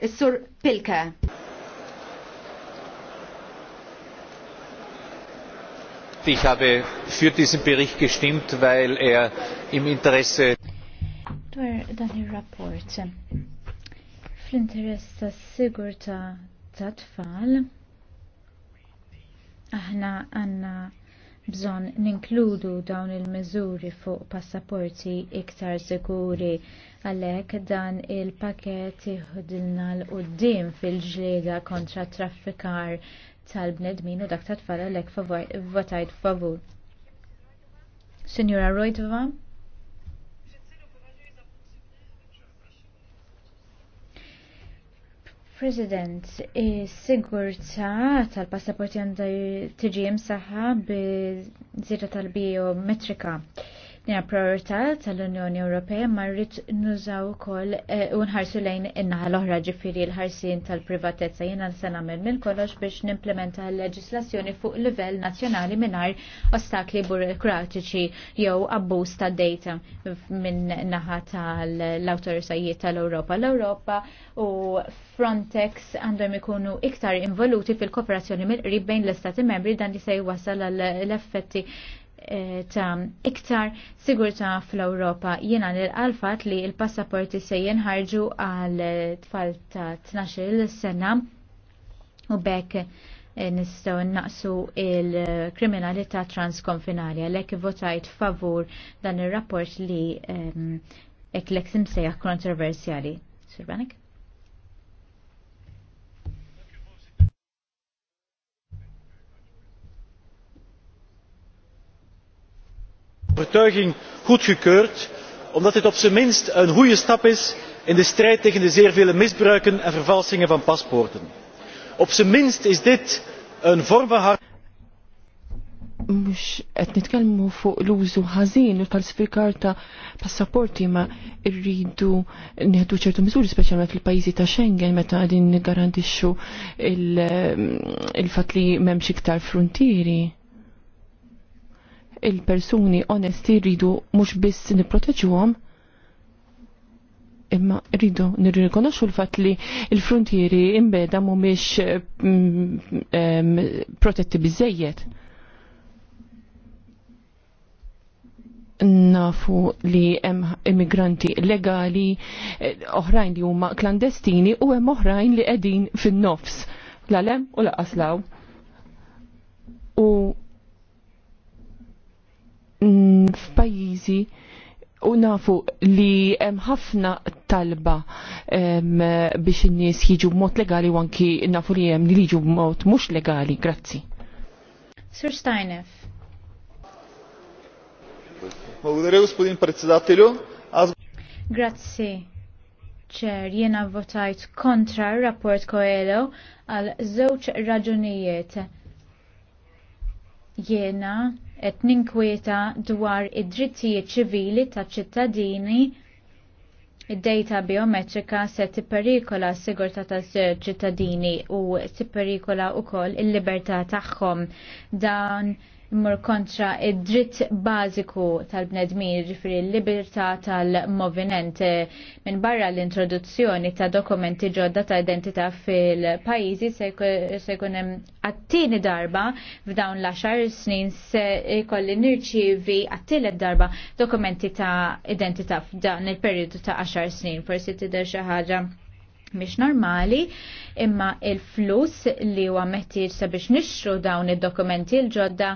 Is-Sur Pilka. Ich habe für diesen Bericht gestimmt, weil er im Interesse dwar dan ir-rapport. Fl-interess tas-sigurta tat-tfal aħna għanna bżonn ninkludu dawn il-miżuri fuq passaporti iktar siguri għalhekk dan il-pakett iħudilna l-qudiem fil-ġlieda kontra traffikar tal-bnedmin u dak tat-tfal għalhekk votajt favur. Signora Rojdova? President, sigurta sigurtà tal-passaporti għanda tiġi saħħa bi żieda tal-biometrika. Nina priorità tal-Unjoni Ewropea ma rrid nużaw ukoll eh, u nħarsu lejn in-naħa l-oħra ġifieri l-ħarsien tal-privatezza jiena se nagħmel minn kollox biex nimplementa l-leġislazzjoni fuq livell nazzjonali mingħajr ostakli burokratiċi jew abbuż ta' data minn naħa tal-awtoritajiet tal-Ewropa. L-Ewropa u Frontex għandhom ikunu iktar involuti fil-kooperazzjoni mill-qrib bejn l-Istati membri dan li se jwassal l-effetti Eh, ta' iktar sigurta fl-Europa jiena nil-alfat li il-passaporti se jenħarġu għal tfal ta' 12 sena u bekk eh, nistaw naqsu il-kriminalità transkonfinarja lek votajt favur dan il-rapport li ehm, l-eksim simsejja kontroversjali. Sirbanek? overtuiging goedgekeurd omdat dit op zijn minst een goede stap is in de strijd tegen de zeer vele misbruiken en vervalsingen van paspoorten. op zijn minst is dit een voorbehoud mux qed nitkellmu fuq l-użu ħażin u l-falsifikar ta' passaporti ma rridu nieħdu ċertu miżuri speċjalment fil-pajjiżi ta' Schengen meta qegħdin nigarantixxu il-fatt mm, li m'hemmx iktar frontieri il-persuni onesti rridu mhux biss nipproteġuhom imma rridu nirrikonoxxu l-fatt li l-frontieri imbeda mhumiex mm, mm, mm, protetti bizzejiet. nafu li hemm immigranti legali eh, oħrajn li huma klandestini u hemm oħrajn li qegħdin fin-nofs l-alem u laqaslaw. U f'pajjiżi u nafu li hemm ħafna talba biex in-nies jiġu b'mod legali u anki nafu li hemm li jiġu b'mod mhux legali. Grazzi. Sur Steinef. Grazzi. Ċer, jena votajt kontra rapport Coelho għal żewġ raġunijiet. Jena qed ninkwieta dwar id-drittijiet ċivili taċ ċittadini id-data biometrika se tipperikola s-sigurtà ta' ċittadini u tipperikola wkoll il-libertà tagħhom. Dan immur kontra id-dritt bażiku tal-bnedmin ġifri l-libertà tal-moviment minn barra l-introduzzjoni ta' dokumenti ġodda ta' identità fil-pajjiżi se jkun hemm għattini darba f'dawn l-10 snin se jkolli nirċievi għattilet darba dokumenti ta' identità f'dan il periodu ta' 10 snin. Forsi tidher xi ħaġa mish normali imma il-flus li huwa meħtieġ sabiex nixxu dawn id-dokumenti l-ġodda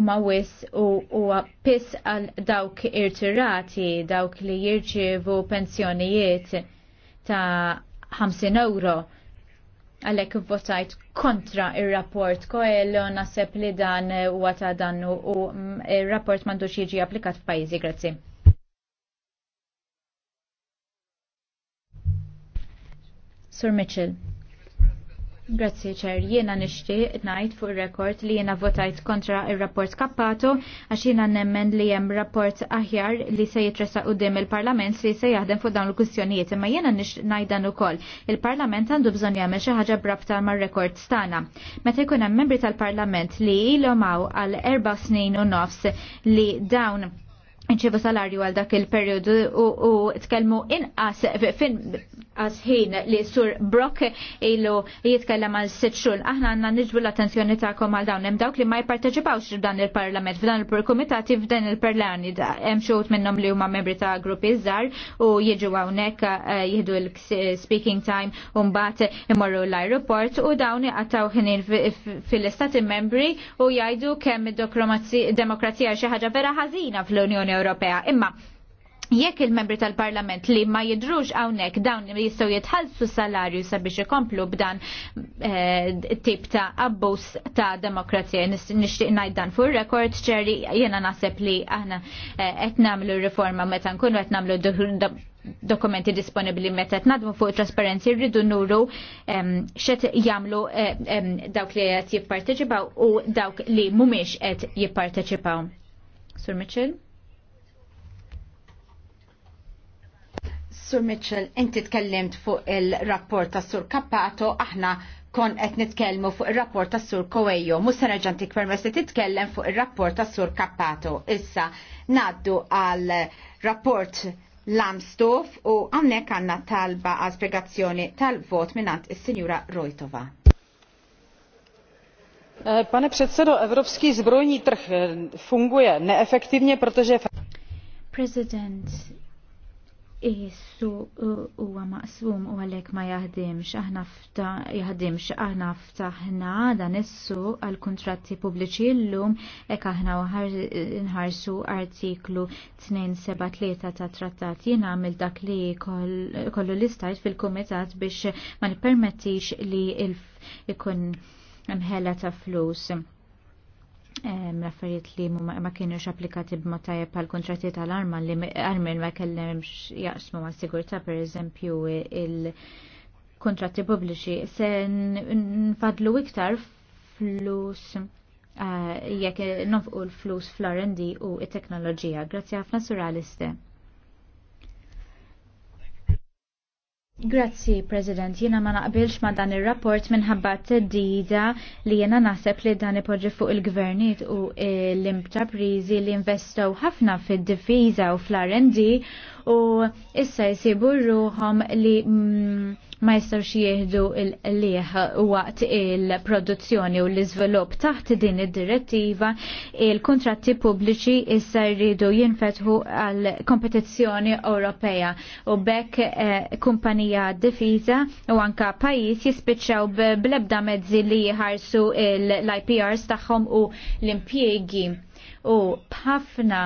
u ma wis u huwa piss għal dawk irtirati dawk li jirċievu pensjonijiet ta' 50 euro għalek votajt kontra il-rapport Koelho naseb li dan huwa ta' dannu u il-rapport mandu jiġi applikat f'pajjiżi grazzi. Sur Mitchell. Grazzi ċer, jiena nishti najt fuq rekord li jiena votajt kontra il-rapport kappato għax jiena nemmen li jem rapport aħjar li se jitressa u dim il-parlament li se jaħdem fuq dawn l-kustjonijiet imma jiena najt dan ukoll. Il-parlament għandu bżon jagħmel xi ħaġa brabta mar rekord stana. Meta jkun hemm membri tal-parlament li ilomaw għal erba' snin u nofs li dawn nċivu salarju għal dak il-periodu u, u tkellmu inqas għazħin li sur Brock ilu jitkellem għal sitt xhur. Aħna għandna niġbu l-attenzjoni tagħkom għal dawn hemm dawk li ma jipparteċipawx f'dan il-Parlament, f'dan il-Kumitati, f'dan il parlament Hemm xogħod minnhom li huma membri ta' gruppi żgħar u jiġu hawnhekk eh, jieħdu l-speaking time u mbagħad imorru l-ajruport u dawn iqattaw ħinin fil-istati membri u jgħidu kemm id-demokrazija xi ħaġa vera ħażina fl-Unjoni Ewropea. Imma jekk il-membri tal-parlament li ma jidrux għawnek dawn jistaw jitħalsu salarju sabiex ikomplu b'dan eh, tip ta' abbus ta' demokrazija. Nishtiq najd dan fuq rekord ċerri jena nasib li aħna eh, qed namlu riforma meta nkunu qed dokumenti disponibli meta nadmu fuq trasparenzi rridu nuru ehm, xet jamlu eh, ehm, dawk li qed jipparteċipaw u dawk li mhumiex qed jipparteċipaw. Sur Mitchell? Sur Mitchell, inti tkellimt fuq il-rapport ta' Sur Kappato, aħna kon qed nitkellmu fuq ir-rapport tas Sur Kowejo, mhux se nerġa' ntik permess li titkellem fuq ir-rapport tas Sur Kappato. Issa ngħaddu għal rapport Lamstuf u għamnek għanna talba għal spiegazzjoni tal-vot minnant is-Sinjura Rojtova. Eh, pane předsedo, evropský zbrojní trh eh, funguje neefektivně, protože... President, Issu huwa maqsum u għalhekk ma jaħdimx, aħna fta jaħdimx, aħna ftaħna dan issu għal kuntratti pubbliċi llum hekk aħna nħarsu artiklu 273 ta' trattat jien għamil dak li kollu l-istajt fil-kumitat biex ma nippermettix li ikun mħela ta' flus raffariet li ma kienux applikati b'ma tajjeb għal kontratti tal-arma li armin ma kellemx jaqsmu ma' sigurta per eżempju il- kontrati pubbliċi se nfadlu iktar flus eh, jekk fuq l-flus fl-R&D u t teknoloġija Grazzi ħafna sur Aliste. Grazzi, President. Jena ma naqbilx ma dan il-rapport minħabba t-dida li jena naħseb li dan ipoġġi fuq il-gvernit u l-imtaprizi li investaw ħafna fid difiza u fl-R&D u issa jisibu ruħom li mm, ma jistawx jieħdu l-liħ waqt il-produzzjoni u l-izvelop taħt din id-direttiva il-kontratti pubbliċi issa jridu jinfetħu għal kompetizzjoni Ewropea u bekk eh, kumpanija difiża u anka pajis jispiċċaw bl-ebda mezzi li jħarsu l-IPRs tagħhom u l-impjiegi u bħafna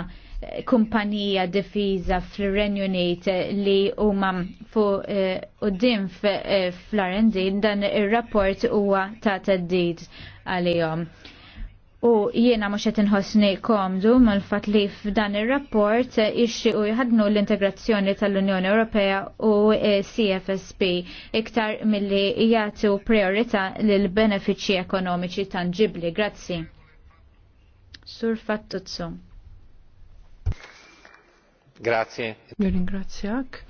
kumpanija difiża fl-Renju Unit li huma fu u din fl-R&D dan ir-rapport huwa ta' teddid għalihom. U jiena mhux qed inħossni komdu mal-fatt li f'dan ir-rapport ixxi u jħadnu l-integrazzjoni tal-Unjoni Ewropea u eh, CFSP iktar milli jagħtu priorità lil benefiċċji ekonomiċi tangibli. Grazzi. Sur Fattuzzo. Grazie. Ringrazzjak.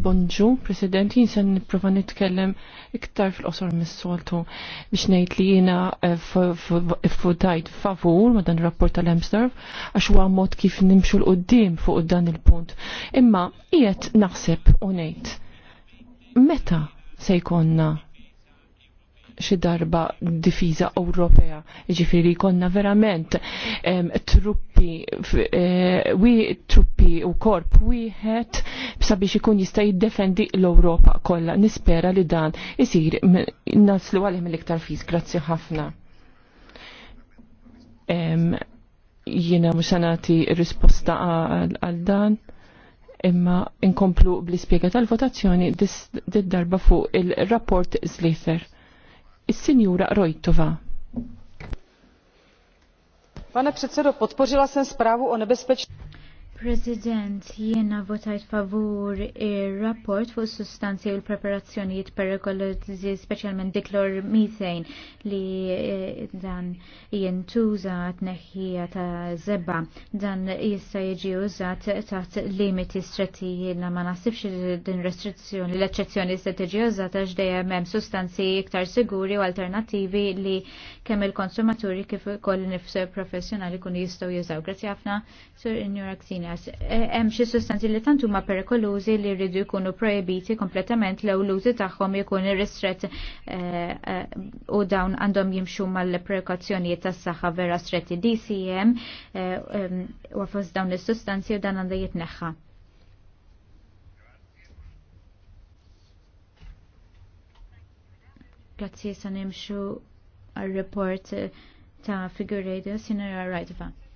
Bonġu, President, jinsan niprofa nitkellem iktar fil-qosor mis-soltu biex ngħid li jiena eh, fudajt favur ma dan ir-rapport tal-Amstorf għax huwa mod kif nimxu l qoddim fuq dan il-punt. Imma qiegħed naħseb u ngħid meta se jkollna xi darba difiża Ewropea. Ġifieri konna verament truppi eh, wi truppi u korp wieħed sabiex ikun jista' jiddefendi l-Ewropa kollha. Nispera li dan isir naslu għalih mill-iktar fis. Grazzi ħafna. Jiena mhux nagħti risposta għal dan imma inkomplu bl-ispjega tal-votazzjoni dis-darba fuq il-rapport Slither is-Sinjura Rojtova. Pane předsedo, podpořila jsem zprávu o nebezpečnosti. President, jiena votajt favur il rapport fuq sustanzi u l-preparazzjonijiet per rekolizzi specialment diklor methane li eh, dan jintuża t-neħħija ta' zebba. Dan jista' jiġi użat taħt limiti stretti jiena ma nasibx din restrizzjoni l-eċċezzjoni se tiġi użata x'dejjem hemm sustanzi iktar siguri u alternattivi li kemm il-konsumaturi kif ukoll nifs professjonali kun jistgħu jużaw. Grazzi ħafna sur Injura Ksina l e, Hemm xi sustanzi li tant huma perikolużi li rridu jkunu projbiti kompletament l l użi tagħhom jkun irristret e, e, u dawn għandhom jimxu mal prekazzjonijiet tas-saħħa vera stretti DCM u fost dawn is-sustanzi u dan għandha jitneħħa. Grazzi sa nimxu għal-report ta' radio, Sinera Rajtva. Right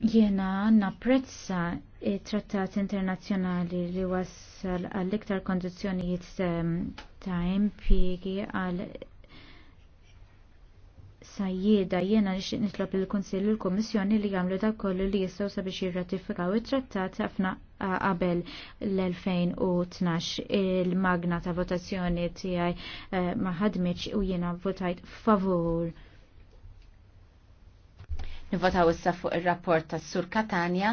Jena napprezza il-trattat internazjonali li wassal għall-iktar kondizjonijiet ta' impiegi għal sajjeda jena nixtieq nitlob il-Kunsill u l-Kummissjoni li jagħmlu dak kollu li jistgħu sabiex jirratifikaw it-trattat ħafna qabel l-2012 il-magna ta' votazzjoni tiegħi eh, ma ħadmitx u jiena votajt favur Nivotaw issa fuq il-rapport tas Sur Katania.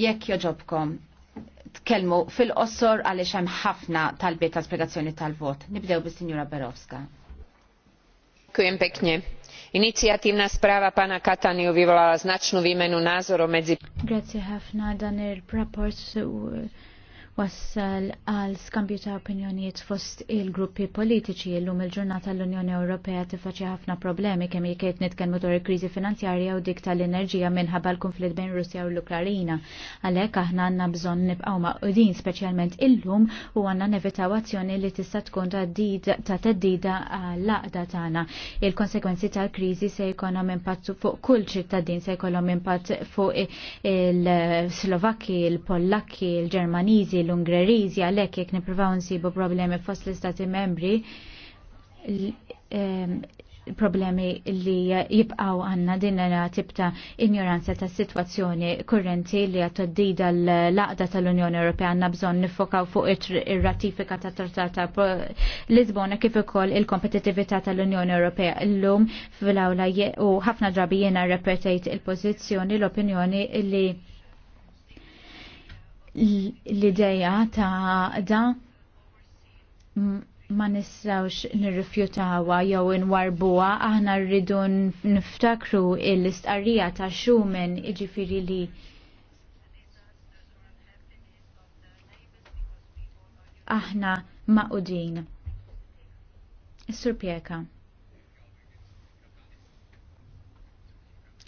Jekk joġobkom, tkellmu fil-qossor għaliex hemm ħafna talbiet ta' spjegazzjoni tal-vot. Nibdew bis-Sinjura Berowska. Kujem pięknie. Inizjatywna sprava pana Katani wywołała znaċnu vimenu nazoru medzi Grazie ħafna dan il-rapport wassal għal skambju ta' opinjonijiet fost il-gruppi politiċi l-lum il-ġurnata l-Unjoni Ewropea tifaċi ħafna problemi kemm jekk nitkellmu dwar il-kriżi finanzjarja u dik tal-enerġija minħabba l-konflitt bejn Russja u l-Ukraina. Għalhekk aħna għandna bżonn nibqgħu maqudin speċjalment illum u għandna nevitaw azzjoni li tista' tkun ta' teddida għall-laqda tagħna. Il-konsekwenzi tal-kriżi se jkollhom impatt fuq kull ċittadin se jkollhom impatt fuq il-Slovakki, il-Pollakki, il-Ġermaniżi, l-Ungreriżi għalhekk jek nippruvaw nsibu problemi fost l-Istati membri problemi li jibqaw għanna dinna tibta ignoranza ta' situazzjoni kurrenti li għattoddida l-laqda tal-Unjoni Ewropea għanna bżon nifokaw fuq ir-ratifika ta' trattata Lisbona kif ukoll il-kompetitività tal-Unjoni Ewropea llum fil-awla u ħafna drabi jiena repetajt il-pożizzjoni l-opinjoni li l-ideja ta' da ma nistawx nirrifjutawa jew inwarbuha aħna rridu niftakru l-istqarrija ta' xumen iġifieri li aħna maqudin. Is-Sur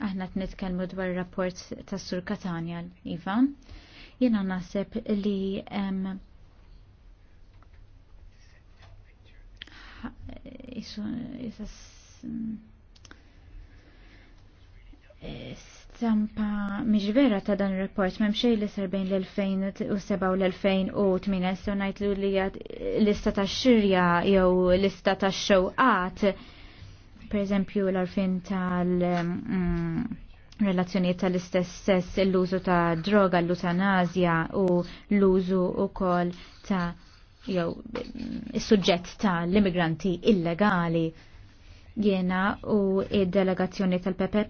Aħna t-nitkelmu dwar rapport tas Sur Katanjan, Ivan jina nasib li um, stampa miex vera ta' dan ir report m'hemm xejn li sar bejn l-2007 u l-2008 so ngħidlu li lista ta' xirja jew lista ta' xewqat pereżempju l-arfin tal mm, relazzjoniet tal-istess sess l-użu ta' droga, l-utanazja u l-użu u kol ta' jew is-suġġett ta' l-immigranti illegali. Jena u id-delegazzjoni tal-PPE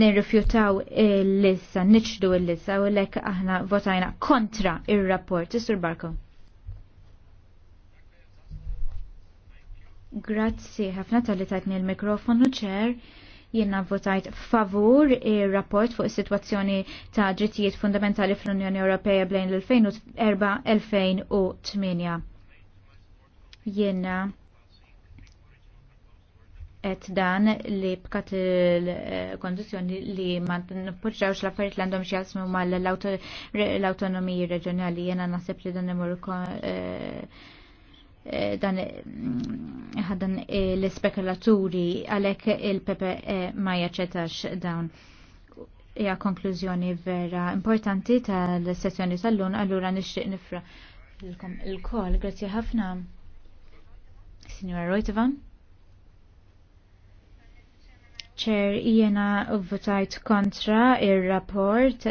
nirrifjutaw l-lissa, niċdu l-lissa u lek aħna votajna kontra il-rapport. Sur Barko. Grazzi ħafna tal-li tajtni l-mikrofonu ċer Jiena votajt favur il rapport fuq is-sitwazzjoni ta' drittijiet fundamentali fl-Unjoni Ewropea blejn l-2004-2008. Jiena et dan li bkat il-kondizjoni eh, li ma npoġġawx l-affarijiet li għandhom xjasmu mal l-autonomiji reġjonali jena nasib li dan imur eh, Eh, dan mm, ħadan l-spekulaturi għalek il-Pepe eh, ma jaċċettax dawn. Ja konklużjoni vera importanti tal-sessjoni tal-lun, allura nixtieq nifra l-kol. Grazzi ħafna, Signora Rojtvan. ċer jena votajt kontra il-rapport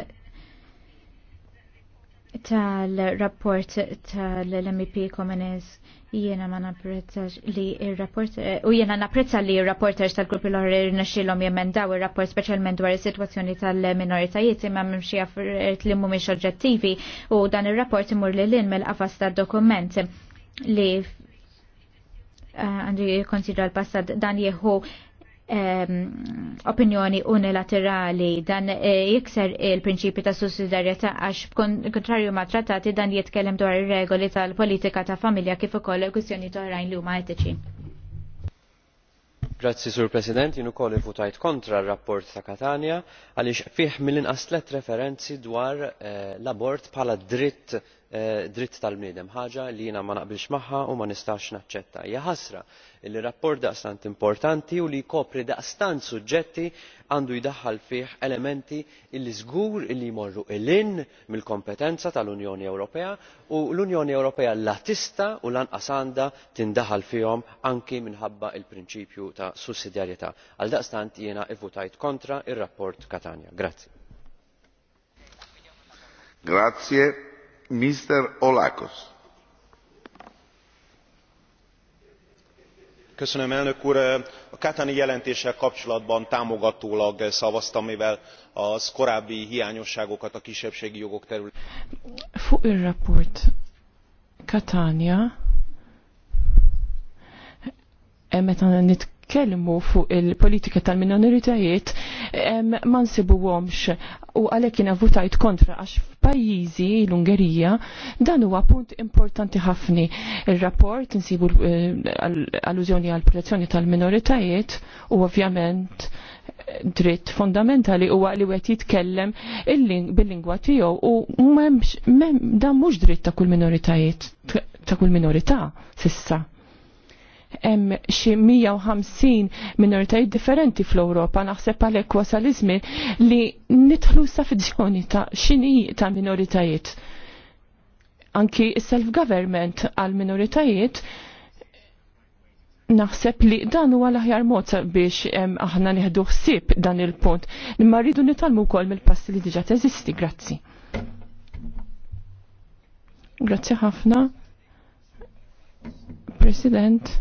tal-rapport tal-MP Komenis. Jiena ma napprezzax li il-rapport, eh, u jiena napprezza li il-rapporters tal-grupp l-ħor naxilom jemendaw il-rapport specialment dwar il-situazzjoni tal-minoritajiet imma mimxie affarijiet li mumiex oġġettivi u dan il-rapport imur li l-in mill-qafas tal-dokument li għandi konsidra l-passat dan jieħu opinjoni unilaterali dan eh, jikser il-prinċipi ta' sussidarjetà għax kontrarju ma' trattati dan jitkellem dwar ir-regoli tal-politika ta' familja kif ukoll kwistjoni oħrajn li huma etiċi. Grazzi Sur President, jien ukoll votajt kontra r-rapport ta' Katania għaliex fih mill-inqas referenzi dwar eh, l-abort bħala dritt Eh, dritt tal-bniedem ħaġa li jiena ma naqbilx magħha u ma nistax naċċetta. hija ħasra li rapport daqstant importanti u li jkopri daqstant suġġetti għandu jdaħħal fih elementi li żgur li jmorru lil mill-kompetenza tal-unjoni ewropea u l-unjoni ewropea la tista u lanqas għandha tindaħal fihom anki minħabba l prinċipju ta' sussidjarjetà. daqstant jiena vvutajt kontra ir-rapport Katania. Grazie. Grazie Mr. Olakos. Köszönöm, elnök úr! A Kátani jelentéssel kapcsolatban támogatólag szavaztam, mivel az korábbi hiányosságokat a kisebbségi jogok területén. Fuq il Katania, meta nitk jitkellmu fuq il-politika tal-minoritajiet ma nsibuhomx u għalhekk jina votajt kontra għax f'pajjiżi l-Ungerija dan huwa punt importanti ħafni. Ir-rapport insibu eh, allużjoni għal protezzjoni tal-minoritajiet u ovvjament dritt fondamentali huwa li wieħed jitkellem bil-lingwa tiegħu u dan mhux dritt ta' kull minoritajiet ta' kull minorità sissa hemm xi 150 minoritajiet differenti fl-Ewropa naħseb għalhekk wasal iż-żmien li nidħlu sa fizzjoni ta' x'inhi ta' minoritajiet. Anki self-government għal minoritajiet naħseb li dan huwa l-aħjar mod biex aħna nieħdu ħsieb dan il-punt. Imma rridu nitalmu wkoll mill-passi li diġà teżisti, grazzi. Grazzi ħafna. President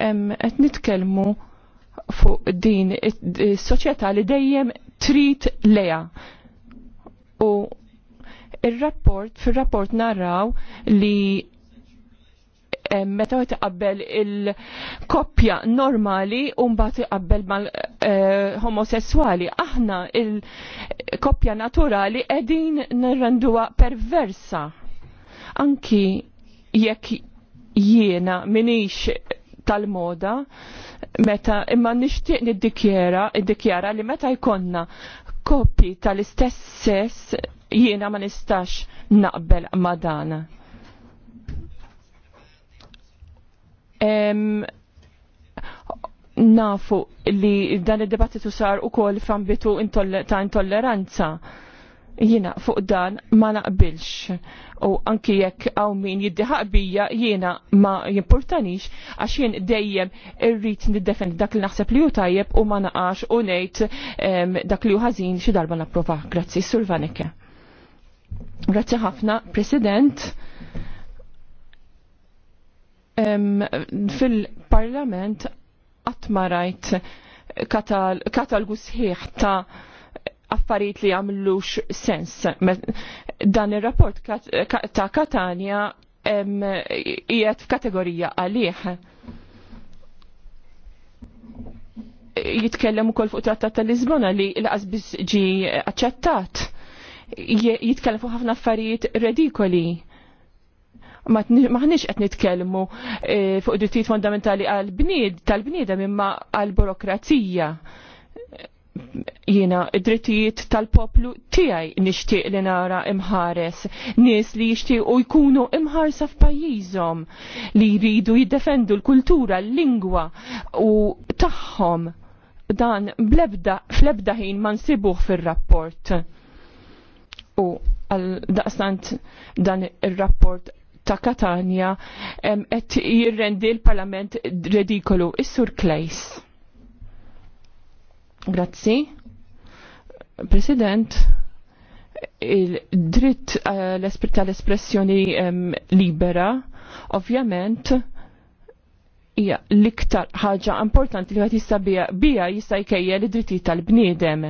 qed nitkellmu fuq din is-soċjetà li dejjem trid leja. U ir-rapport fir-rapport narraw li meta qed iqabbel il-koppja normali u mbagħad iqabbel mal-homosessuali. Eh, Aħna il-koppja naturali qegħdin nirrenduha perversa. Anki jekk jiena minix tal-moda meta imma nixtieq niddikjera iddikjara li meta jkollna kopji tal-istess sess jiena ma nistax naqbel ma dan. nafu li dan id-dibattitu sar ukoll f'ambitu ta' intolleranza Jiena fuq dan ma naqbilx u anki jekk għaw min jiddiħaq bija jiena ma jimportanix għax jien dejjem irrit niddefend dak li naħseb li hu tajjeb u ma naqax u ngħid dak li hu ħażin xi darba napprova. Grazzi, Sur Vaneke. Grazzi ħafna, President. Fil-parlament qatt ma rajt katalgu sħiħ ta' affarijiet li għamlux sens. Dan ir-rapport ta' Katania qiegħed f'kategorija għalih. Jitkellem ukoll fuq trattat ta' Lisbona li l-qasbis ġi aċċettat. Jitkellem fuq ħafna affarijiet redikoli maħniex qed nitkellmu eh, fuq drittijiet fondamentali għal-bnied tal-bniedem imma għal-burokrazija jiena id-drittijiet tal-poplu tiegħi nixtieq li nara imħares, nies li jixtiequ jkunu imħarsa f'pajjiżhom li jridu jiddefendu l-kultura, l-lingwa u tagħhom dan blebda flebda ħin ma nsibuh fir-rapport. U għal daqstant dan ir-rapport ta' Katania qed jirrendi l-Parlament redikolu is-Sur Klejs. Grazzi. President, il-dritt eh, tal-espressjoni libera, ovvjament, hija l-iktar ħaġa importanti li għat jista bija, jista jkejja li dritti tal-bniedem.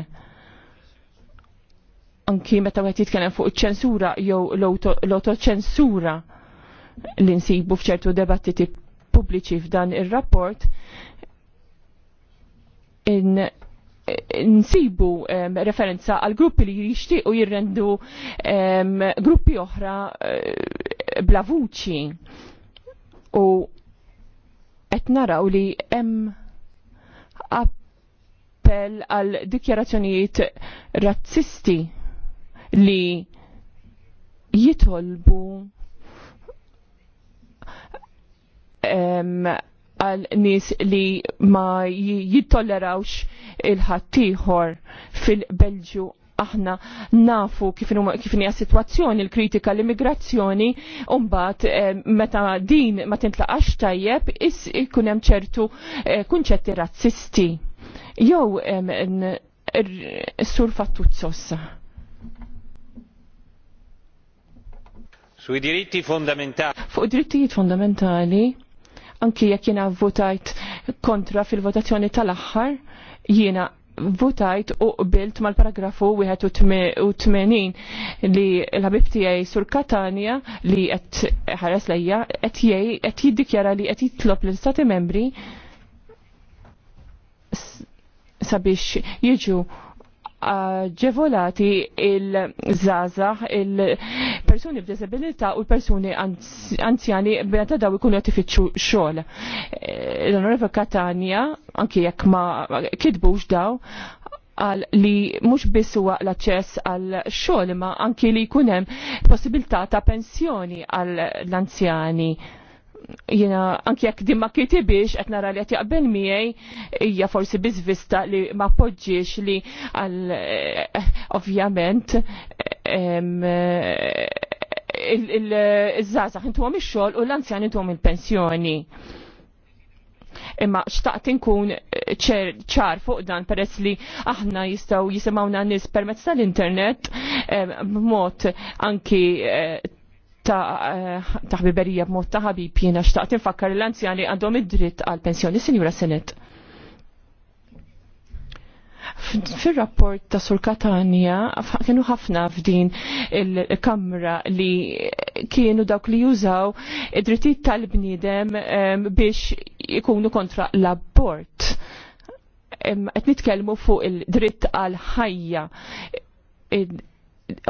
Anki meta għat jitkellem fuq ċensura jew l-autoċensura li nsibu fċertu debattiti pubbliċi f'dan ir rapport nsibu referenza għal gruppi li jixtiequ jirrendu gruppi oħra eh, bla vuċi u qed naraw li hemm appell għal dikjarazzjonijiet razzisti li jitolbu għal nis li ma jittollerawx il-ħattijħor fil-Belġu aħna nafu kif nija situazzjoni l-kritika l-immigrazzjoni mbagħad eh, meta din ma tintlaqax tajjeb is ikun hemm ċertu eh, kunċetti razzisti. Jew sur fattuzzossa. Sui diritti fondamentali. Fuq drittijiet fondamentali anki jekk jiena votajt kontra fil-votazzjoni tal-aħħar, jiena votajt u qbilt mal-paragrafu 81 li l-ħabib tiegħi sur Katania li qed ħares lejja qed jgħid qed jiddikjara li qed jitlob l-Istati Membri sabiex jiġu ġevolati il-żaza, il-persuni b'disabilità u l-persuni anzjani b'għata daw ikunu jatifiċu xol. Eh, L-onoreva Katania, anki jekk ma kidbux daw, għal li mux biss huwa l-aċċess għal xogħol ma anki li jkun hemm possibilità ta' pensjoni għall anzjani jina anki jekk dimma ma biex qed nara li qed jaqbel miegħi hija forsi biżvista li ma poġġiex li għal eh, ovvjament eh, il-żgħażagħ għom ix-xogħol u l-anzjan intuhom il-pensjoni. Imma xtaqt inkun ċar fuq dan peress li aħna jistaw jisimawna nis permezz tal-internet eh, b'mod anki Eh, ta' ħbiberija b'mod ta' ħabib jiena xtaqt infakkar l-anzjani għandhom id-dritt għal pensjoni sinjura Senet. Fil-rapport ta' Sur Katania kienu ħafna f'din il-kamra li kienu dawk li jużaw id-drittijiet tal-bniedem biex ikunu kontra l-abort. Qed nitkellmu fuq il-dritt għal ħajja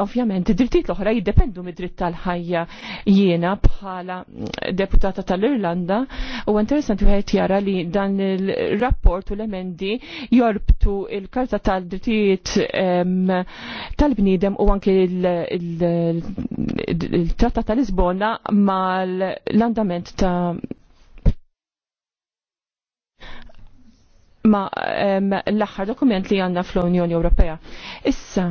ovvjament id-drittijiet l-oħra jiddependu mid-dritt tal-ħajja jiena bħala deputata tal-Irlanda u interessanti wieħed jara li dan il-rapport u l-emendi jorbtu il-karta tal-drittijiet tal-bniedem u anke il-tratta tal-Lisbona mal-andament ta' ma l-aħħar dokument li għanna fl-Unjoni Ewropea. Issa,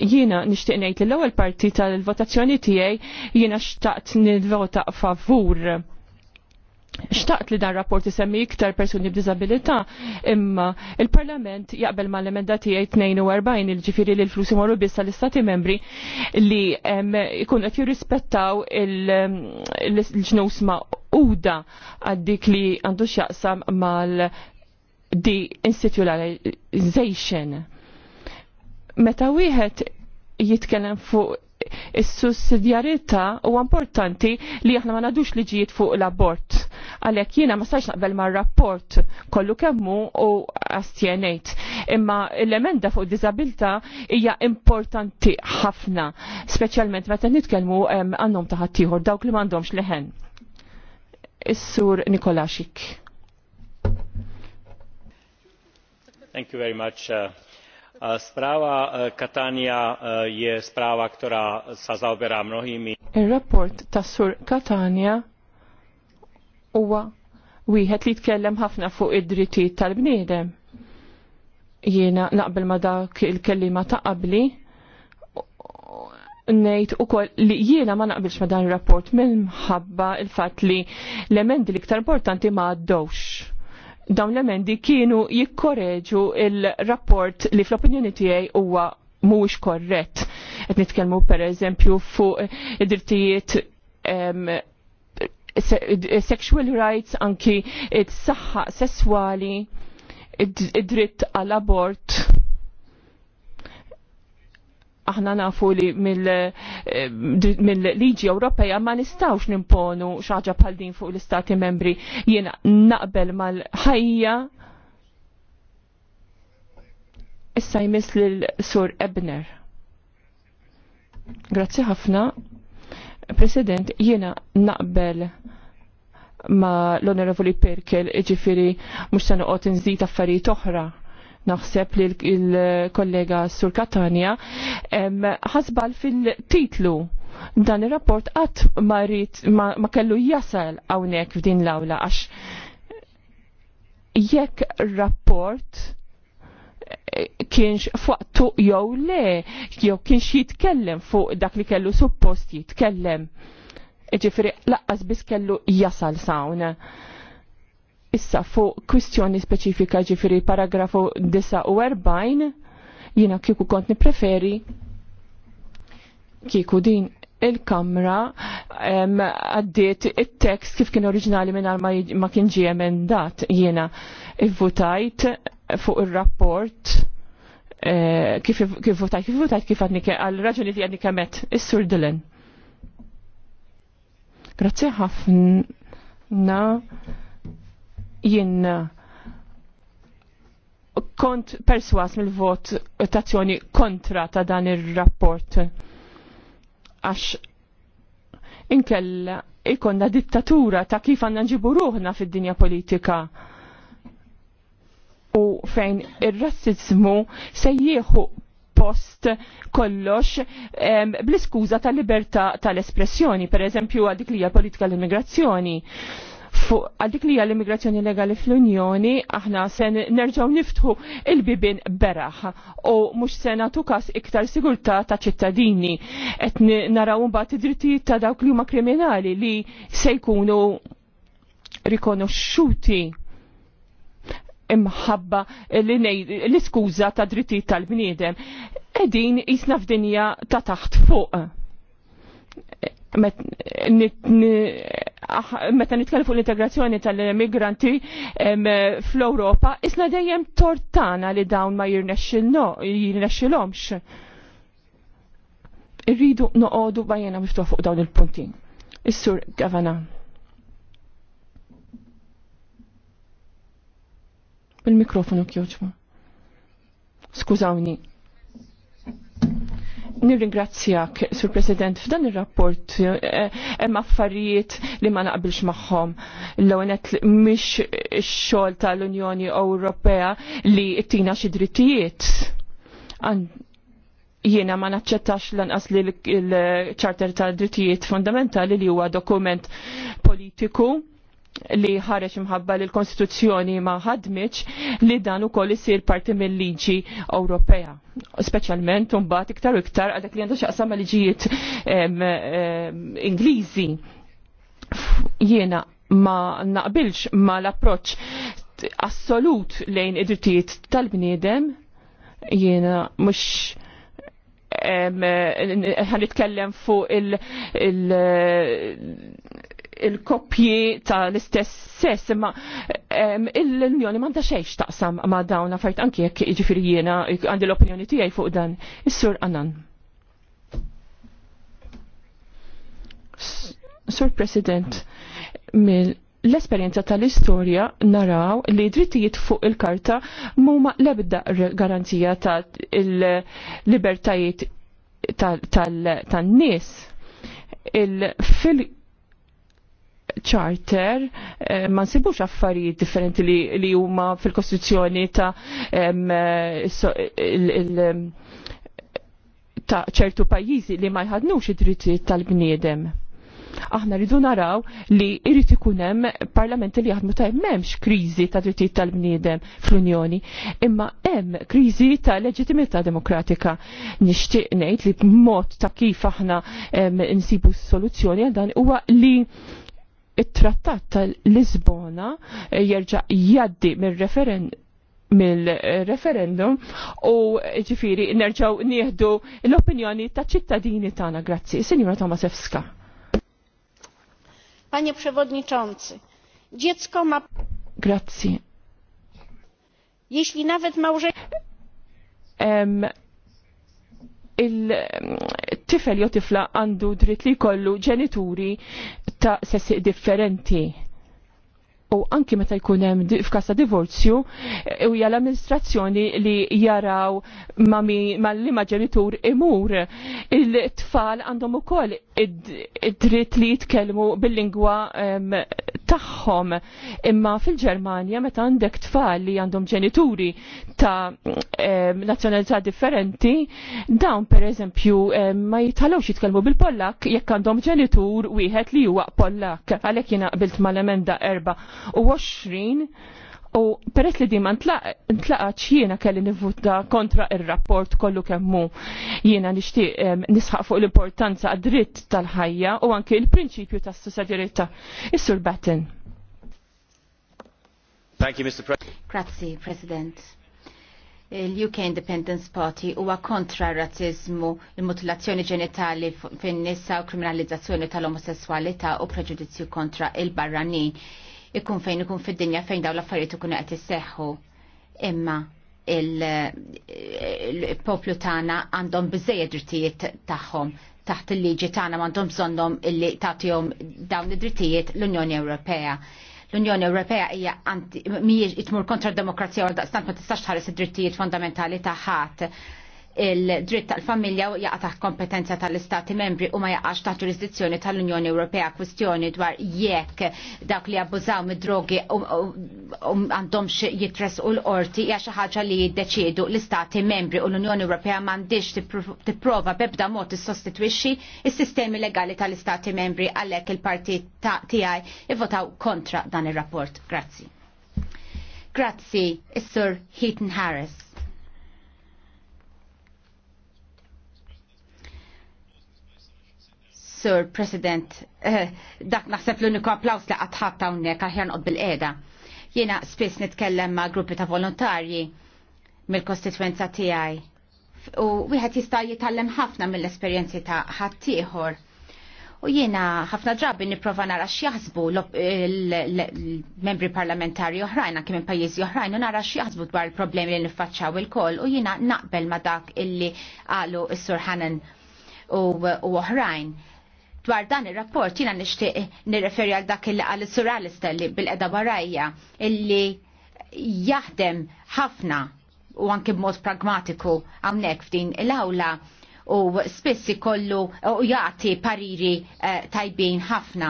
Jiena nixtieq ngħid li l-ewwel parti tal-votazzjoni tiegħi jiena xtaqt nivvota favur xtaqt li dan rapport isemmi iktar persuni b'dizabilità imma il-Parlament jaqbel ma l-emenda tiegħi 42 il ġifiri li l-flus imorru biss tal-Istati membri li jkun qed jirrispettaw il-ġnus ma' uda għaddik li għandu x'jaqsam mal di institutionalization Meta wieħed jitkellem fuq is-sussidjarità huwa importanti li aħna ma nadux liġijiet fuq l-abort. Għalhekk jiena ma stax naqbel mar-rapport kollu kemmu u astjenejt. Imma l-emenda fuq id-diżabilità hija importanti ħafna, speċjalment meta nitkellmu għandhom ta' ħaddieħor dawk li m'għandhomx leħen. Is-sur Nikolaxik. Thank you very much, uh, E, sprava Katania e, e, je sprava ktorá sa zaoberá mnohými. Il-rapport ta' Sur Katania huwa wieħed li tkellem ħafna fuq id-drittijiet tal-bniedem. Jiena naqbel ma dak il-kellima ta' qabli nejt u koll li jiena ma naqbilx ma dan il-rapport minħabba il-fat li l-emendi li ktar importanti ma għaddowx dawn l-emendi kienu jikkoreġu il-rapport li fl-opinjoni tiegħi huwa mhuwiex korrett. Qed nitkellmu pereżempju fuq id-drittijiet sexual rights anki id-saħħa sesswali id-dritt għal abort aħna nafu li mill-liġi eh, Ewropeja ma nistawx nimponu xaġa bħal din fuq l-istati membri jiena naqbel mal-ħajja issa jmiss l-sur Ebner. Grazzi ħafna. President, jiena naqbel ma l-Onorevoli Perkel ġifiri mux sanuqot nżid affarijiet oħra naħseb li il-kollega Sur Katania, ħasbal fil-titlu dan il-rapport għat marit ma, ma kellu jasal għawnek f'din l-awla għax jekk rapport eh, kienx fuqtu jew le, jew kienx jitkellem fuq dak li kellu suppost jitkellem. Ġifri, laqqas bis kellu jasal sawna. Issa fuq kwistjoni speċifika ġifiri paragrafu 49 jina kiku kont nipreferi kiku din il-kamra għaddiet il-tekst kif kien oriġinali minn ma, ma kien ġie emendat jiena votajt fuq il-rapport eh, kif votajt kif votajt kif għadni għal raġuni li għadni kemet is-sur Dylan. Grazzi ħafna jien kont perswas mill-vot tazzjoni kontra ta' dan ir-rapport. Għax inkella ikonna dittatura ta' kif għanna ġibu ruħna fid-dinja politika u fejn ir-rassizmu se jieħu post kollox bl-iskuża tal-libertà tal-espressjoni, per eżempju għadik li politika l-immigrazzjoni fuq għaddik li l-immigrazzjoni legali fl-Unjoni, aħna sen nerġaw niftħu il-bibin beraħ u mux sena tukas iktar sigurta ta' ċittadini. Et naraw mbagħad id-drittijiet ta' dawk li huma kriminali li se jkunu rikonoxxuti imħabba l-iskuża ta' drittijiet tal-bniedem. Edin jisna f'dinja ta' taħt fuq e, Ah, meta nitkellem fuq l-integrazzjoni tal-immigranti fl-Ewropa, isna dejjem tortana li dawn ma jirnexxilhomx. Irridu noqogħdu bajjena miftuħ fuq dawn il-punti. Is-sur Gavana. Il-mikrofonu kjoċma. Skużawni. Nirringrazzjak, Sur President, f'dan ir-rapport eh, hemm affarijiet li ma naqbilx magħhom. l ewwel mhix ix xogħol tal-Unjoni Ewropea li ttina xi drittijiet. Jiena ma naċċettax lanqas li l-Charter tal-Drittijiet Fundamentali li huwa dokument politiku li ħareġ imħabba li l-Kostituzzjoni ma ħadmitx li dan ukoll isir parti mill-liġi Ewropea. Speċjalment mbagħad iktar u iktar għadek li għandu x'aqsam liġijiet Ingliżi. Jiena ma naqbilx ma l-approċċ assolut lejn id-drittijiet tal-bniedem jiena mhux ħanitkellem fuq il il-koppji ta' l-istess sess, imma l-Unjoni m'għandha xejn taqsam ma' dawn fajt anke jekk jiġifieri jiena għandi l-opinjoni tiegħi fuq dan. Is-Sur Anan. Sur President, l-esperienza tal-istorja naraw li drittijiet fuq il-karta mumma lebda garanzija ta' il-libertajiet tal-nis. il-fil charter eh, ma nsibux affarijiet differenti li huma fil-kostituzzjoni ta' eh, ta' ċertu pajjiżi li ma jħadnux id-drittijiet tal-bniedem. Aħna rridu naraw li irrid ikun hemm parlamenti li jaħdmu tajb m'hemmx kriżi ta' drittijiet tal-bniedem fl-Unjoni, imma hemm kriżi ta' leġitimità demokratika. Nixtieq ngħid li b'mod ta' kif aħna nsibu soluzzjoni għal dan huwa li it-trattat tal-Lisbona eh, jerġa' jaddi mir-referendum eh, mill-referendum u eh, ġifiri nerġaw nieħdu l-opinjoni ta' ċittadini tagħna. Grazzi. Signora Tomasewska. Panie Przewodniczący, dziecko ma... Grazzi. Jeśli nawet małżeństwo... Um, il-tifel jew tifla għandu dritt li jkollu ġenituri ta' sessi differenti u anki meta jkun hemm f'każ divorzju e, hija l-amministrazzjoni li jaraw ma' li ma' ġenitur imur. Il-tfal għandhom ukoll id-dritt li jitkellmu bil-lingwa tagħhom. Imma fil-Ġermanja meta għandek tfal li għandhom ġenituri ta' nazzjonalità differenti, dawn pereżempju ma jitħallux jitkellmu bil-Pollak jekk għandhom ġenitur wieħed li huwa Pollak. Għalhekk jiena qbilt mal-emenda erba' U 2020 u peress li diman ntlaqax jiena kelli nivvuta kontra ir-rapport kollu kemmu jiena nixtieq nisħaq fuq l-importanza għad-dritt tal-ħajja u anke il-prinċipju tas-sussidjarjetà. Is-Sur Batten. Thank you, Mr. President. Grazie, President il uk Independence Party huwa kontra r-razzizmu, il-mutilazzjoni ġenitali fin-nisa u kriminalizzazzjoni tal-omosessualità u preġudizzju kontra il-barranin ikun fejn ikun fid-dinja fejn daw l-affarijiet ikunu qed isseħħu. Imma il-poplu tagħna għandhom biżejjed drittijiet tagħhom taħt il-liġi tagħna m'għandhom bżonnhom illi tagħtihom dawn id-drittijiet l-Unjoni Ewropea. L-Unjoni Ewropea hija mhijiex tmur kontra d-demokrazija u daqstant ma tistax tħares id-drittijiet fondamentali ta' ħadd il-dritt tal-familja u jaqa taħt kompetenza tal-Istati membri u ma jaqax taħt ġurisdizzjoni tal-Unjoni Ewropea kwistjoni dwar jekk dak li abbużaw mid-drogi għandhom jitres u l-orti hija xi ħaġa li jiddeċiedu l-Istati membri u l-Unjoni Ewropea m'għandix tipprova bebda mod tissostitwixxi il sistemi legali tal-Istati membri għalhekk il-partit tiegħi ivvotaw kontra dan ir-rapport. Grazzi. Grazzi, is-Sur Heaton Harris. Sur President, eh, dak naħseb l-uniku applaus li għatħatta unnek għahjan qod bil eda Jena spiss nitkellem ma' gruppi ta' volontarji mill-kostituenza tiegħi. U wieħed jista' jitallem ħafna mill-esperjenzi ta' ħaddieħor. U jiena ħafna drabi nipprova nara x'jaħsbu l-membri parlamentari oħrajn anke minn pajjiżi oħrajn u nara x'jaħsbu dwar il-problemi li niffaċċaw il-koll u jiena naqbel ma dak illi qalu s-Sur Hanan u oħrajn. Dwar dan il-rapport jina nishtiq nirreferi għal dak il għal suralista li bil-qeda barajja illi jaħdem ħafna u anki b'mod pragmatiku għamnek f'din l-awla u spiss ikollu u jagħti pariri eh, tajbin ħafna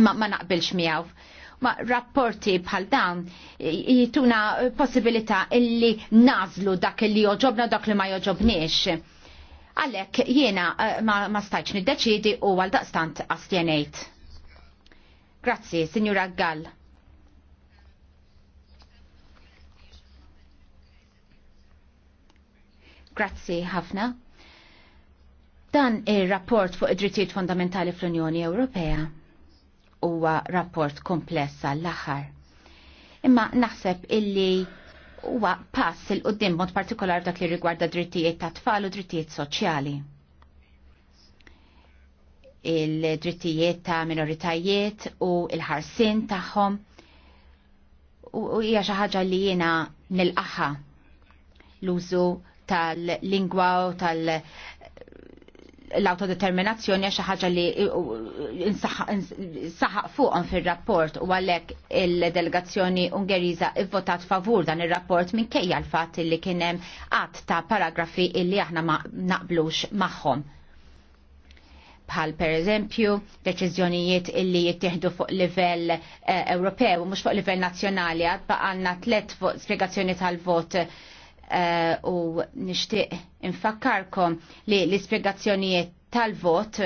imma ma naqbilx miegħu ma rapporti bħal dawn jituna possibilità illi nażlu dak li joġobna dak li ma joġobniex Għalhekk jiena eh, ma, staċ stajtx niddeċidi u għal daqstant Grazzi, Signora Gall. Grazzi ħafna. Dan ir-rapport fuq id-drittijiet fondamentali fl-Unjoni Ewropea huwa rapport kompless għall-aħħar. Imma naħseb illi huwa pass il qoddim mod partikolar dak li rigwarda drittijiet ta' tfal u drittijiet soċjali. Il-drittijiet ta' minoritajiet u il-ħarsin tagħhom u hija xi ħaġa li jiena nilqaħħa l-użu tal-lingwa u tal- l-autodeterminazzjoni għaxa ħaġa li uh, uh, saħaq fuqon fil-rapport u għalek il-delegazzjoni ungeriza votat favur dan il-rapport minn kejja l-fat li kienem għat ta' paragrafi illi aħna ma naqblux maħħom. Bħal per eżempju, deċiżjonijiet illi jittieħdu fuq livell eh, Ewropew, mux fuq livell nazjonali, għad għanna tlet spiegazzjoni tal-vot Eh, u nishtiq infakkarkom li l-ispiegazzjonijiet tal-vot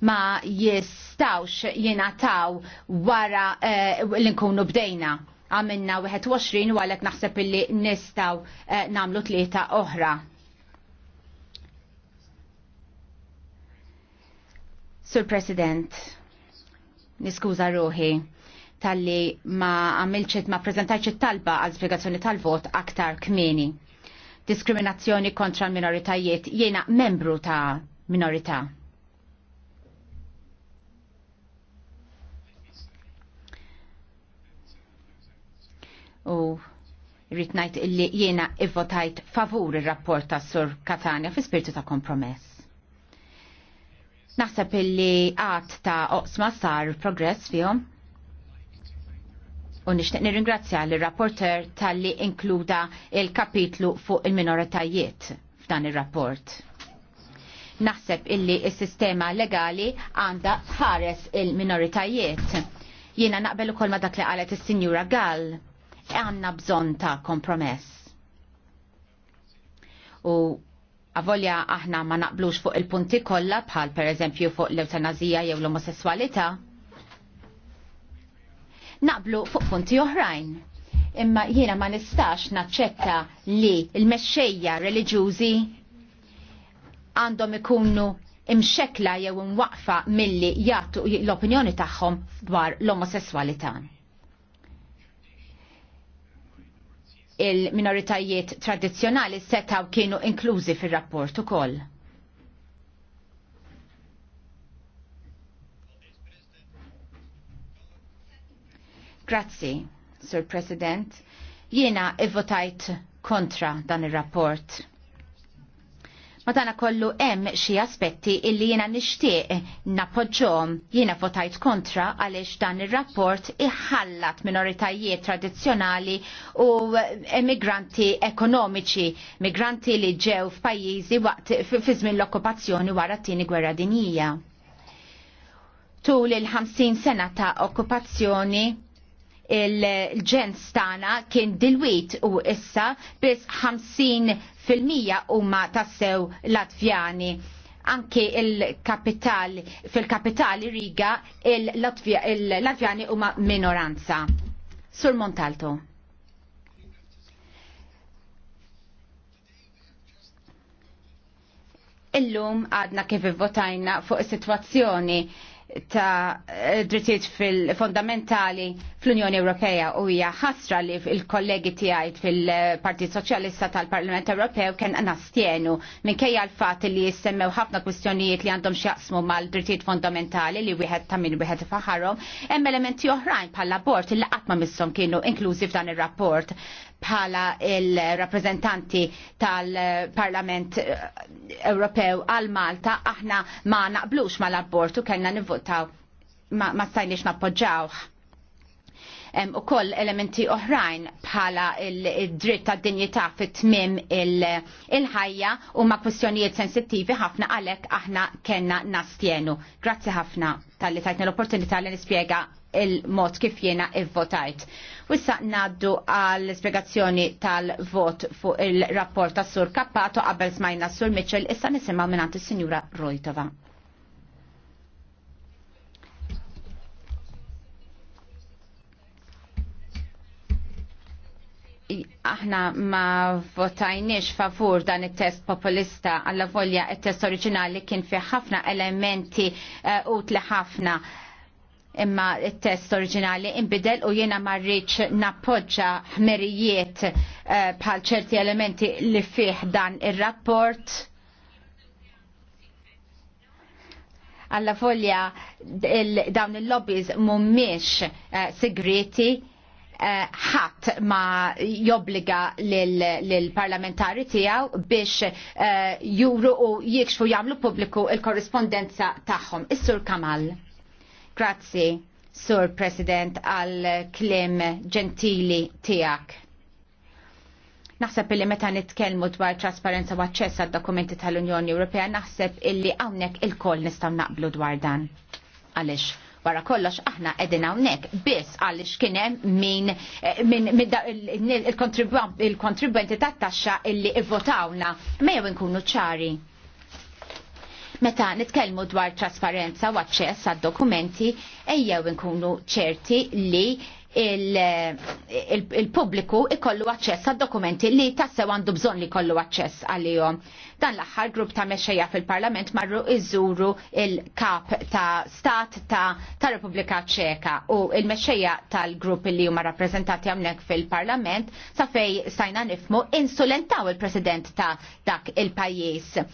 ma jistawx jenataw wara eh, l-inkunu bdejna għamilna 21 u għalek naħseb illi nistaw eh, namlu tlieta oħra. Sur President, niskuza ruħi tal-li ma għamilċet ma prezentajċet talba għal spiegazzjoni tal-vot aktar kmini. Diskriminazzjoni kontra minoritajiet jena membru ta' minorità. U rritnajt illi jena ivvotajt favur il-rapport ta' Sur Katania fi spiritu ta' kompromess. Naħseb illi għat ta' oqsma sar progress fihom u nixtieq nirringrazzja l rapporter tal-li inkluda il-kapitlu fuq il-minoritajiet f'dan ir-rapport. Naħseb illi s-sistema legali għandha tħares il-minoritajiet. Jiena naqbel ukoll ma dak li qalet is-Sinjura Gall għandna bżonn ta' kompromess. U għavolja aħna ma naqblux fuq il-punti kollha bħal per eżempju fuq l-eutanazija jew l-omosessualità, naqblu fuq punti oħrajn. Imma jiena ma nistax naċċetta li il-mexxejja reliġjużi għandhom ikunu imxekla jew imwaqfa milli jagħtu l-opinjoni tagħhom dwar l-omosessualità. Il-minoritajiet tradizzjonali setaw kienu inklużi fir-rapport ukoll. Grazzi, Sir President. Jiena ivvotajt kontra dan ir rapport Madana kollu hemm xi aspetti illi jiena nixtieq napoġġhom jiena votajt kontra għaliex dan ir-rapport iħallat minoritajiet tradizzjonali u emigranti ekonomiċi, migranti li ġew f'pajjiżi waqt fi żmien l-okkupazzjoni wara t-tieni gwerra dinjija. Tul il-50 sena ta' okkupazzjoni il-ġens tana kien dilwit u issa biss 50% huma tassew Latvjani anki il-kapital fil-kapitali Riga il-Latvjani huma minoranza. Sur Montalto. Illum għadna kif votajna fuq is-sitwazzjoni ta' drittijiet fil-fondamentali fl-Unjoni Ewropea u hija ħasra li il-kollegi tiegħi fil-Partit Soċjalista tal-Parlament Ewropew kien nastienu minkejja l-fatt li jissemmew ħafna kwistjonijiet li għandhom x'jaqsmu mal-drittijiet fondamentali li wieħed ta' min wieħed ifaħarhom, hemm elementi oħrajn bħala abort li qatt ma misshom kienu inklużi f'dan ir-rapport bħala il-rappresentanti tal-Parlament eh, Ewropew għal Malta aħna ma naqblux mal-abortu kellna nivvotaw ma, ma stajniex nappoġġawh u koll elementi oħrajn bħala il-dritt ta' dinjità fit tmim il-ħajja u ma' kwestjonijiet sensittivi ħafna għalek aħna kena nastjenu. Grazzi ħafna tal-li tajtni l-opportunità li nispiega il-mod kif jena votajt. Wissa naddu għall spiegazzjoni tal-vot fuq il-rapport ta' Sur Kappato qabel smajna Sur Mitchell issa nisimgħu minn is-Sinjura Rojtova. aħna ma votajniex favur dan it-test populista għalla volja il test oriġinali kien fi ħafna elementi uh, utli ħafna imma il-test oriġinali imbidel u jiena marriċ nappoġġa ħmerijiet eh, bħal ċerti elementi li fih dan il-rapport. Alla folja dawn il-lobbies mummiex eh, segreti eh, ħadd ma jobbliga lill-parlamentari tiegħu biex juru u jikxfu jagħmlu pubbliku il-korrispondenza tagħhom. Is-Sur Kamal. Grazzi, Sur President, għal klim ġentili tijak. Naħseb illi meta nitkellmu dwar trasparenza u aċċess għad dokumenti tal-Unjoni Ewropea, naħseb illi hawnhekk il-koll nistgħu naqblu dwar dan. Għaliex? wara kollox aħna edin hawnhekk biss għaliex kien hemm min eh, min, min il-kontribwenti il tat-taxxa illi ivvotawna ma jew inkunu ċari. Meta nitkellmu dwar trasparenza u aċċess għad dokumenti ejjew nkunu ċerti li il-pubbliku il, il ikollu aċċess għad dokumenti li tassew għandu bżon li kollu aċċess għalihom. Dan l-aħħar grupp ta' mexxejja fil-Parlament marru iżuru il-kap ta' stat ta', ta Repubblika Ċeka u il-mexxejja tal-grupp li huma rappreżentati hawnhekk fil-Parlament sa fej stajna nifmu insulentaw il-President ta' dak il-pajjiż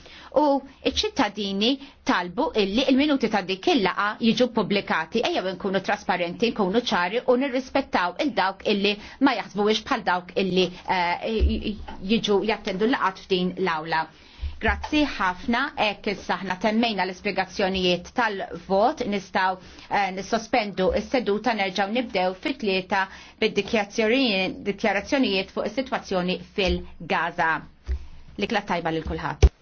u iċ-ċittadini talbu illi il-minuti ta' dik il-laqa jiġu publikati ejja nkunu trasparenti, nkunu ċari u nirrispettaw il-dawk illi ma jaħsbuwix bħal dawk illi eh, jiġu jattendu laqat f'din l-awla. Grazzi ħafna, ekk saħna temmejna l-spiegazzjonijiet tal-vot, nistaw eh, nissospendu s-seduta nerġaw nibdew fit-tlieta bid-dikjarazzjonijiet fuq is-sitwazzjoni fil-Gaza. Likla tajba lil kulħadd.